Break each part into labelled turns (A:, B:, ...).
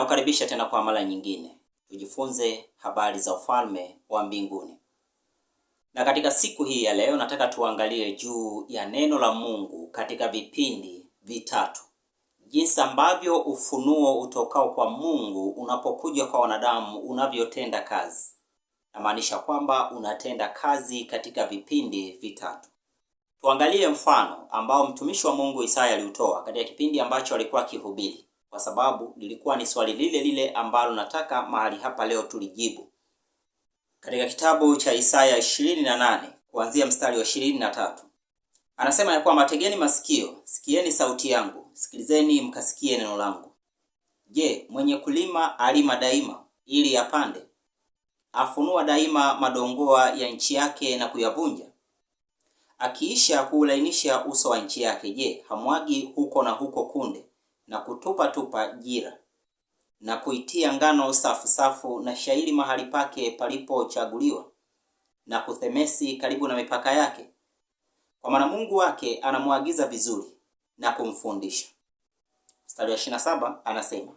A: Ninakukaribisha tena kwa mara nyingine tujifunze habari za ufalme wa mbinguni. Na katika siku hii ya leo nataka tuangalie juu ya neno la Mungu katika vipindi vitatu, jinsi ambavyo ufunuo utokao kwa Mungu unapokuja kwa wanadamu unavyotenda kazi. Namaanisha kwamba unatenda kazi katika vipindi vitatu. Tuangalie mfano ambao mtumishi wa Mungu Isaya aliutoa katika kipindi ambacho alikuwa akihubiri kwa sababu lilikuwa ni swali lile lile ambalo nataka mahali hapa leo tulijibu. Katika kitabu cha Isaya 28 kuanzia mstari wa 23 anasema ya kwamba, tegeni masikio, sikieni sauti yangu, sikilizeni mkasikie neno langu. Je, mwenye kulima alima daima ili yapande? Afunua daima madongoa ya nchi yake na kuyavunja? Akiisha kuulainisha uso wa nchi yake, je, hamwagi huko na huko kunde na tupa jira na kuitia ngano safu safu na shairi mahali pake palipochaguliwa na kuthemesi karibu na mipaka yake, kwa maana Mungu wake anamwagiza vizuri na kumfundisha. Mstari wa 27 anasema,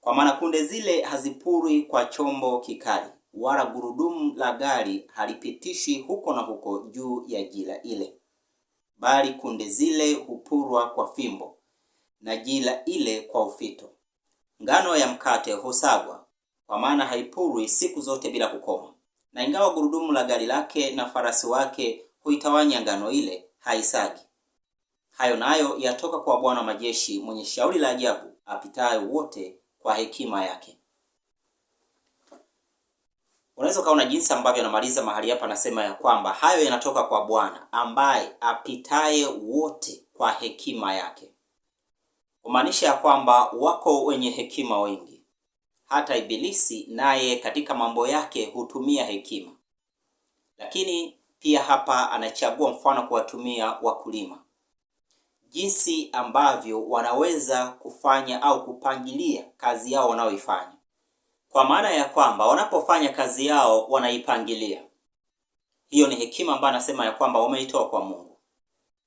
A: kwa maana kunde zile hazipurwi kwa chombo kikali, wala gurudumu la gari halipitishi huko na huko juu ya jira ile, bali kunde zile hupurwa kwa fimbo na jila ile kwa ufito. Ngano ya mkate husagwa, kwa maana haipurwi siku zote bila kukoma, na ingawa gurudumu la gari lake na farasi wake huitawanya ngano ile, haisagi. Hayo nayo yatoka kwa Bwana majeshi, mwenye shauri la ajabu, apitayo wote kwa hekima yake. Unaweza ukaona jinsi ambavyo anamaliza mahali hapa, anasema ya kwamba hayo yanatoka kwa Bwana ambaye apitaye wote kwa hekima yake kumaanisha ya kwamba wako wenye hekima wengi. Hata Ibilisi naye katika mambo yake hutumia hekima, lakini pia hapa anachagua mfano kuwatumia wakulima, jinsi ambavyo wanaweza kufanya au kupangilia kazi yao wanayoifanya, kwa maana ya kwamba wanapofanya kazi yao wanaipangilia. Hiyo ni hekima ambayo anasema ya kwamba wameitoa kwa Mungu,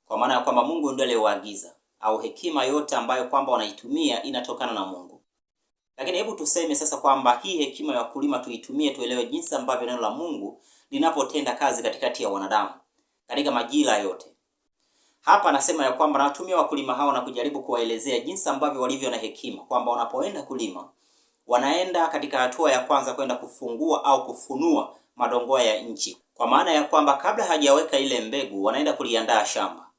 A: kwa maana ya kwamba Mungu ndiye aliyewaagiza au hekima yote ambayo kwamba wanaitumia inatokana na Mungu. Lakini hebu tuseme sasa kwamba hii hekima ya wakulima tuitumie, tuelewe jinsi ambavyo neno la Mungu linapotenda kazi katikati ya wanadamu katika majira yote. Hapa anasema ya kwamba nawatumia wakulima hao na kujaribu kuwaelezea jinsi ambavyo walivyo na hekima, kwamba wanapoenda kulima wanaenda katika hatua ya kwanza kwenda kufungua au kufunua madongoa ya nchi, kwa maana ya kwamba kabla hajaweka ile mbegu, wanaenda kuliandaa shamba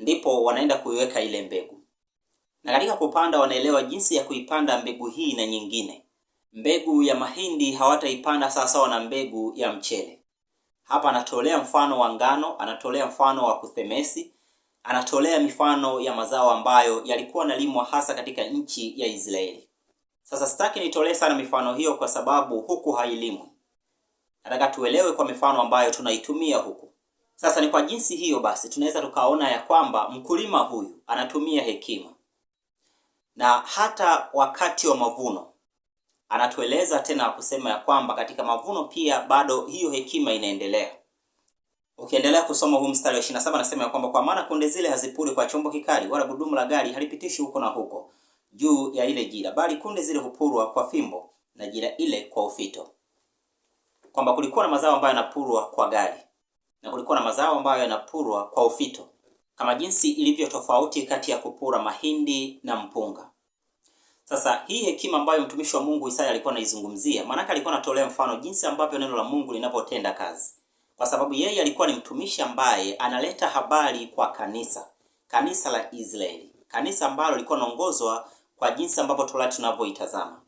A: ndipo wanaenda kuiweka ile mbegu, na katika kupanda wanaelewa jinsi ya kuipanda mbegu hii na nyingine. Mbegu ya mahindi hawataipanda sawasawa na mbegu ya mchele. Hapa anatolea mfano wa ngano, anatolea mfano wa kuthemesi, anatolea mifano ya mazao ambayo yalikuwa nalimwa hasa katika nchi ya Israeli. Sasa sitaki nitolee sana mifano hiyo kwa sababu huku hailimwi. Nataka tuelewe kwa mifano ambayo tunaitumia huku. Sasa ni kwa jinsi hiyo basi tunaweza tukaona ya kwamba mkulima huyu anatumia hekima, na hata wakati wa mavuno anatueleza tena kusema ya kwamba katika mavuno pia bado hiyo hekima inaendelea. Ukiendelea kusoma huu mstari wa 27 anasema ya kwamba kwa maana kunde zile hazipuri kwa chombo kikali, wala gudumu la gari halipitishi huko na huko juu ya ile jira, bali kunde zile hupurwa kwa fimbo na jira ile kwa ufito. Kwamba kulikuwa na mazao ambayo yanapurwa kwa gari na kulikuwa na mazao ambayo yanapurwa kwa ufito kama jinsi ilivyo tofauti kati ya kupura mahindi na mpunga. Sasa hii hekima ambayo mtumishi wa Mungu Isaya alikuwa anaizungumzia, maanake alikuwa anatolea mfano jinsi ambavyo neno la Mungu linapotenda kazi, kwa sababu yeye alikuwa ni mtumishi ambaye analeta habari kwa kanisa, kanisa la Israeli, kanisa ambalo lilikuwa linaongozwa kwa jinsi ambavyo Torati tunavyoitazama.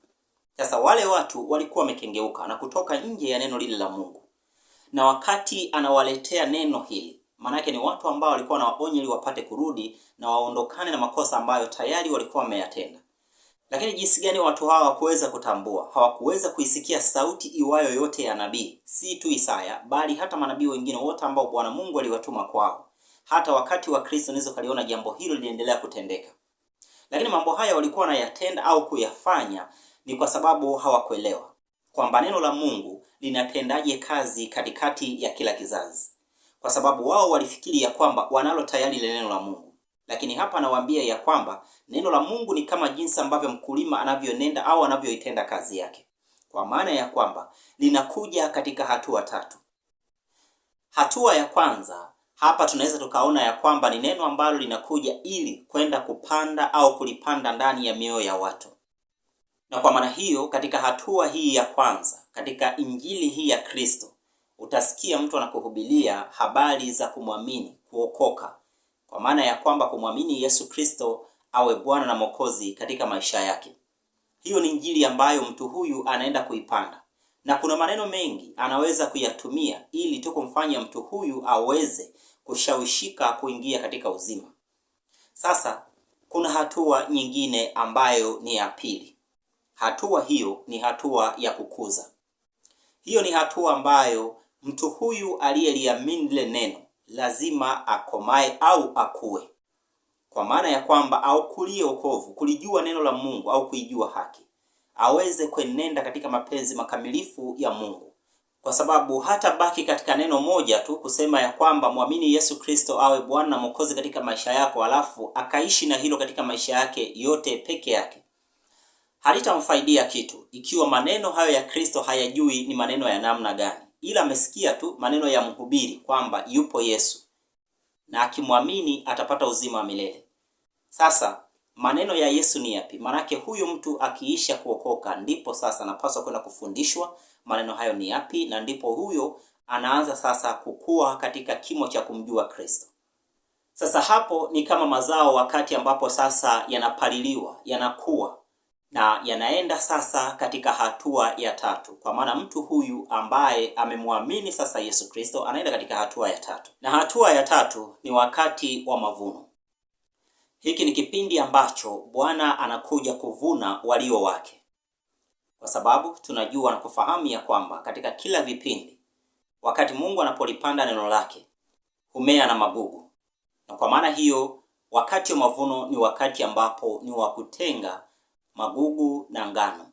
A: Sasa wale watu walikuwa wamekengeuka na kutoka nje ya neno lile la Mungu na wakati anawaletea neno hili maanake ni watu ambao walikuwa wanawaonya ili wapate kurudi na waondokane na makosa ambayo tayari walikuwa wameyatenda lakini jinsi gani watu hawa hawakuweza kutambua hawakuweza kuisikia sauti iwayo yote ya nabii si tu isaya bali hata manabii wengine wote ambao bwana mungu aliwatuma kwao hata wakati wa kristo nizo kaliona jambo hilo liliendelea kutendeka lakini mambo haya walikuwa wanayatenda au kuyafanya ni kwa sababu hawakuelewa kwamba neno la Mungu linatendaje kazi katikati ya kila kizazi, kwa sababu wao walifikiri ya kwamba wanalo tayari ile neno la Mungu. Lakini hapa nawaambia ya kwamba neno la Mungu ni kama jinsi ambavyo mkulima anavyonenda au anavyoitenda kazi yake, kwa maana ya kwamba linakuja katika hatua tatu. Hatua ya kwanza hapa tunaweza tukaona ya kwamba ni neno ambalo linakuja ili kwenda kupanda au kulipanda ndani ya mioyo ya watu. Na kwa maana hiyo, katika hatua hii ya kwanza katika injili hii ya Kristo utasikia mtu anakuhubilia habari za kumwamini, kuokoka, kwa maana ya kwamba kumwamini Yesu Kristo awe Bwana na Mwokozi katika maisha yake. Hiyo ni injili ambayo mtu huyu anaenda kuipanda, na kuna maneno mengi anaweza kuyatumia ili tu kumfanya mtu huyu aweze kushawishika kuingia katika uzima. Sasa kuna hatua nyingine ambayo ni ya pili. Hatua hiyo ni hatua ya kukuza. Hiyo ni hatua ambayo mtu huyu aliyeliamini lile neno lazima akomae au akue, kwa maana ya kwamba kulie wokovu, kulijua neno la Mungu au kuijua haki, aweze kuenenda katika mapenzi makamilifu ya Mungu, kwa sababu hata baki katika neno moja tu kusema ya kwamba mwamini Yesu Kristo awe Bwana na Mwokozi katika maisha yako, alafu akaishi na hilo katika maisha yake yote peke yake halitamfaidia kitu ikiwa maneno hayo ya Kristo hayajui ni maneno ya namna gani, ila amesikia tu maneno ya mhubiri kwamba yupo Yesu na akimwamini atapata uzima wa milele. Sasa maneno ya Yesu ni yapi? Maanake huyu mtu akiisha kuokoka, ndipo sasa anapaswa kwenda kufundishwa maneno hayo ni yapi, na ndipo huyo anaanza sasa kukua katika kimo cha kumjua Kristo. Sasa hapo ni kama mazao, wakati ambapo sasa yanapaliliwa, yanakuwa na yanaenda sasa katika hatua ya tatu, kwa maana mtu huyu ambaye amemwamini sasa Yesu Kristo anaenda katika hatua ya tatu, na hatua ya tatu ni wakati wa mavuno. Hiki ni kipindi ambacho Bwana anakuja kuvuna walio wake, kwa sababu tunajua na kufahamu ya kwamba katika kila vipindi, wakati Mungu anapolipanda neno lake humea na magugu, na kwa maana hiyo wakati wa mavuno ni wakati ambapo ni wa kutenga magugu na ngano.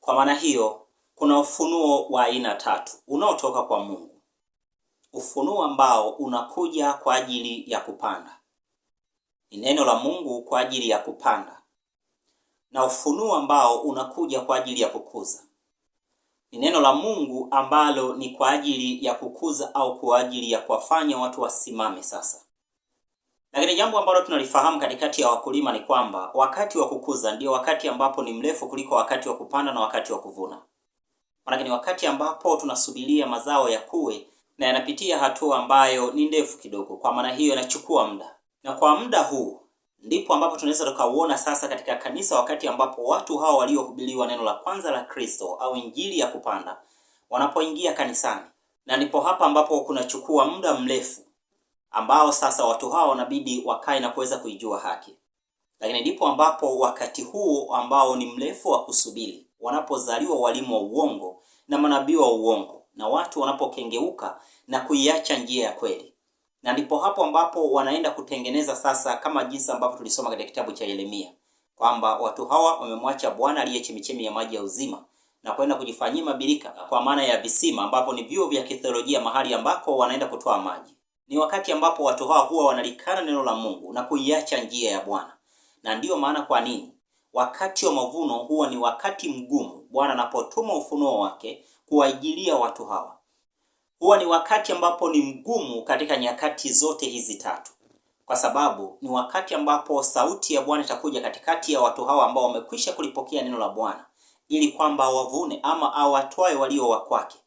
A: Kwa maana hiyo, kuna ufunuo wa aina tatu unaotoka kwa Mungu, ufunuo ambao unakuja kwa ajili ya kupanda, ni neno la Mungu kwa ajili ya kupanda, na ufunuo ambao unakuja kwa ajili ya kukuza, ni neno la Mungu ambalo ni kwa ajili ya kukuza au kwa ajili ya kuwafanya watu wasimame sasa lakini jambo ambalo tunalifahamu katikati ya wakulima ni kwamba wakati wa kukuza ndio wakati ambapo ni mrefu kuliko wakati wa kupanda na wakati wa kuvuna. Maanake ni wakati ambapo tunasubiria mazao yakue na yanapitia hatua ambayo ni ndefu kidogo, kwa maana hiyo yanachukua muda, na kwa muda huu ndipo ambapo tunaweza tukauona sasa katika kanisa, wakati ambapo watu hawa waliohubiriwa neno la kwanza la Kristo au injili ya kupanda wanapoingia kanisani, na ndipo hapa ambapo kunachukua muda mrefu ambao sasa watu hao wanabidi wakae na kuweza kuijua haki. Lakini ndipo ambapo wakati huu ambao ni mrefu wa kusubiri, wanapozaliwa walimu wa uongo na manabii wa uongo na watu wanapokengeuka na kuiacha njia ya kweli, na ndipo hapo ambapo wanaenda kutengeneza sasa, kama jinsi ambavyo tulisoma katika kitabu cha Yeremia kwamba watu hawa wamemwacha Bwana aliye chemichemi ya maji ya uzima na kwenda kujifanyia mabirika, kwa maana ya visima, ambapo ni vyuo vya kitheolojia, mahali ambako wanaenda kutoa maji ni wakati ambapo watu hawa huwa wanalikana neno la Mungu na kuiacha njia ya Bwana. Na ndiyo maana kwa nini wakati wa mavuno huwa ni wakati mgumu Bwana anapotuma ufunuo wake kuwaijilia watu hawa. Huwa ni wakati ambapo ni mgumu katika nyakati zote hizi tatu, kwa sababu ni wakati ambapo sauti ya Bwana itakuja katikati ya watu hawa ambao wamekwisha kulipokea neno la Bwana ili kwamba wavune ama awatwae walio wa kwake,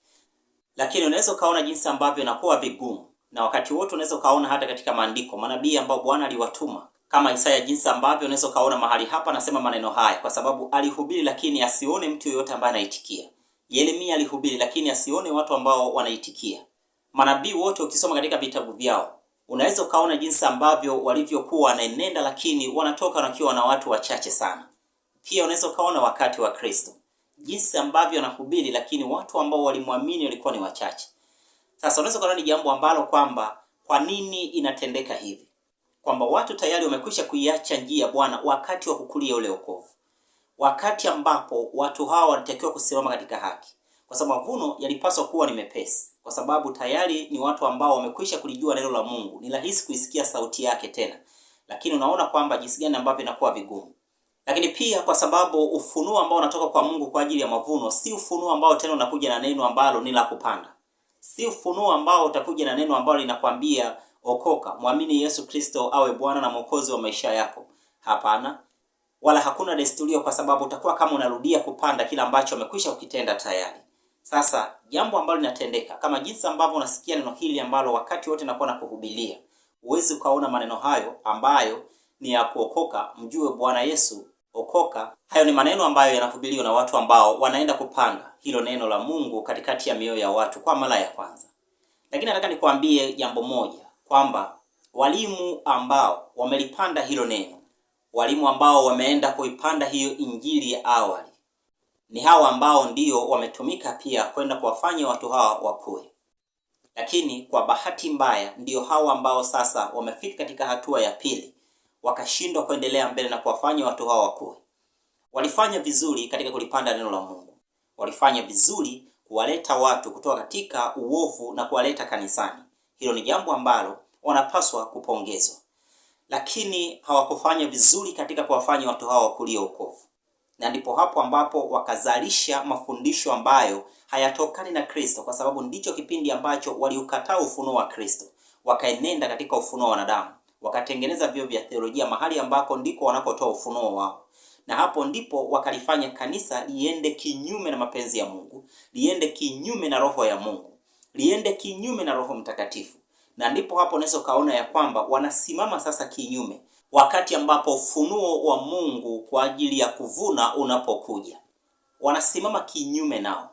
A: lakini unaweza ukaona jinsi ambavyo inakuwa vigumu na wakati wote unaweza ukaona hata katika maandiko manabii ambao Bwana aliwatuma kama Isaya, jinsi ambavyo unaweza ukaona mahali hapa anasema maneno haya, kwa sababu alihubiri lakini asione mtu yoyote ambaye anaitikia. Yeremia alihubiri lakini asione watu ambao wanaitikia. Manabii wote ukisoma katika vitabu vyao unaweza ukaona jinsi ambavyo walivyokuwa wanaenenda, lakini wanatoka wakiwa na watu wachache sana. Pia unaweza ukaona wakati wa Kristo jinsi ambavyo anahubiri, lakini watu ambao walimwamini walikuwa ni wachache. Sasa unaweza kuona ni jambo ambalo kwamba kwa nini inatendeka hivi, kwamba watu tayari wamekwisha kuiacha njia ya Bwana wakati wa kukulia ule wokovu, wakati ambapo watu hawa walitakiwa kusimama katika haki, kwa sababu mavuno yalipaswa kuwa ni mepesi, kwa sababu tayari ni watu ambao wamekwisha kulijua neno la Mungu, ni rahisi kuisikia sauti yake tena, lakini unaona kwamba jinsi gani ambavyo inakuwa vigumu lakini pia kwa sababu ufunuo ambao unatoka kwa Mungu kwa ajili ya mavuno si ufunuo ambao tena unakuja na neno ambalo ni la kupanda, si ufunuo ambao utakuja na neno ambalo linakwambia okoka, mwamini Yesu Kristo awe Bwana na Mwokozi wa maisha yako. Hapana, wala hakuna desturio kwa sababu utakuwa kama unarudia kupanda kile ambacho umekwisha ukitenda tayari. Sasa jambo ambalo linatendeka kama jinsi ambavyo unasikia neno hili ambalo wakati wote nakuwa na kuhubilia, huwezi ukaona maneno hayo ambayo ni ya kuokoka, mjue Bwana Yesu okoka. Hayo ni maneno ambayo yanahubiriwa na watu ambao wanaenda kupanga hilo neno la Mungu katikati ya mioyo ya watu kwa mara ya kwanza. Lakini nataka nikwambie jambo moja kwamba walimu ambao wamelipanda hilo neno, walimu ambao wameenda kuipanda hiyo injili ya awali, ni hawa ambao ndio wametumika pia kwenda kuwafanya watu hawa wakue. Lakini kwa bahati mbaya, ndio hawa ambao sasa wamefika katika hatua ya pili wakashindwa kuendelea mbele na kuwafanya watu hao wakue. Walifanya vizuri katika kulipanda neno la Mungu, walifanya vizuri kuwaleta watu kutoka katika uovu na kuwaleta kanisani. Hilo ni jambo ambalo wanapaswa kupongezwa, lakini hawakufanya vizuri katika kuwafanya watu hao wakulie wokovu, na ndipo hapo ambapo wakazalisha mafundisho ambayo hayatokani na Kristo, kwa sababu ndicho kipindi ambacho waliukataa ufunuo wa Kristo, wakaenenda katika ufunuo wa wanadamu wakatengeneza vyuo vya theolojia mahali ambako ndiko wanapotoa ufunuo wao na hapo ndipo wakalifanya kanisa liende kinyume na mapenzi ya Mungu, liende kinyume na roho ya Mungu, liende kinyume na Roho Mtakatifu. Na ndipo hapo unaweza ukaona ya kwamba wanasimama sasa kinyume, wakati ambapo ufunuo wa Mungu kwa ajili ya kuvuna unapokuja, wanasimama kinyume nao,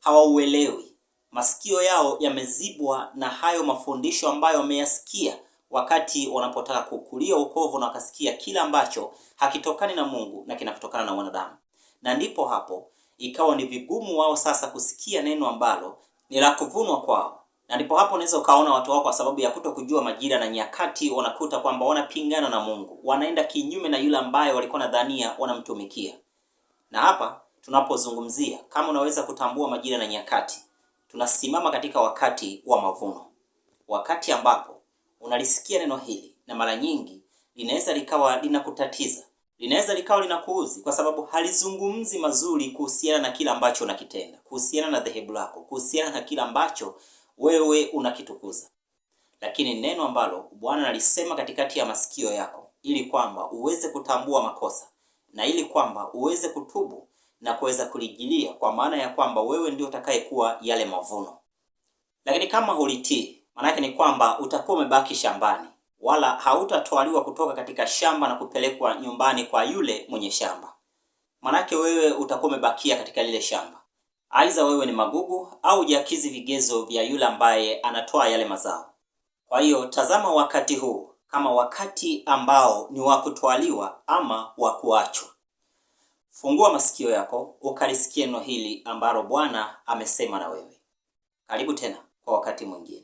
A: hawauelewi. Masikio yao yamezibwa na hayo mafundisho ambayo wameyasikia wakati wanapotaka kukulia ukovu na wakasikia kila ambacho hakitokani na Mungu na kinatokana na wanadamu, na ndipo hapo ikawa ni vigumu wao sasa kusikia neno ambalo ni la kuvunwa kwao na ndipo hapo unaweza ukaona watu wao kwa sababu ya kuto kujua majira na nyakati, wanakuta kwamba wanapingana na Mungu, wanaenda kinyume na yule ambaye walikuwa nadhania wanamtumikia. Na hapa tunapozungumzia kama unaweza kutambua majira na nyakati, tunasimama katika wakati wa mavuno, wakati ambapo unalisikia neno hili na mara nyingi linaweza likawa linakutatiza, linaweza likawa linakuuzi, kwa sababu halizungumzi mazuri kuhusiana na kile ambacho unakitenda, kuhusiana na dhehebu lako, kuhusiana na kile ambacho wewe unakitukuza. Lakini neno ambalo Bwana nalisema katikati ya masikio yako, ili kwamba uweze kutambua makosa na ili kwamba uweze kutubu na kuweza kulijilia, kwa maana ya kwamba wewe ndio utakayekuwa yale mavuno. Lakini kama hulitii Maanake ni kwamba utakuwa umebaki shambani, wala hautatwaliwa kutoka katika shamba na kupelekwa nyumbani kwa yule mwenye shamba. Maanake wewe utakuwa umebakia katika lile shamba, aidha wewe ni magugu au jakizi vigezo vya yule ambaye anatoa yale mazao. Kwa hiyo tazama wakati huu kama wakati ambao ni wa kutwaliwa ama wa kuachwa. Fungua masikio yako ukalisikie neno hili ambalo Bwana amesema na wewe. Karibu tena kwa wakati mwingine.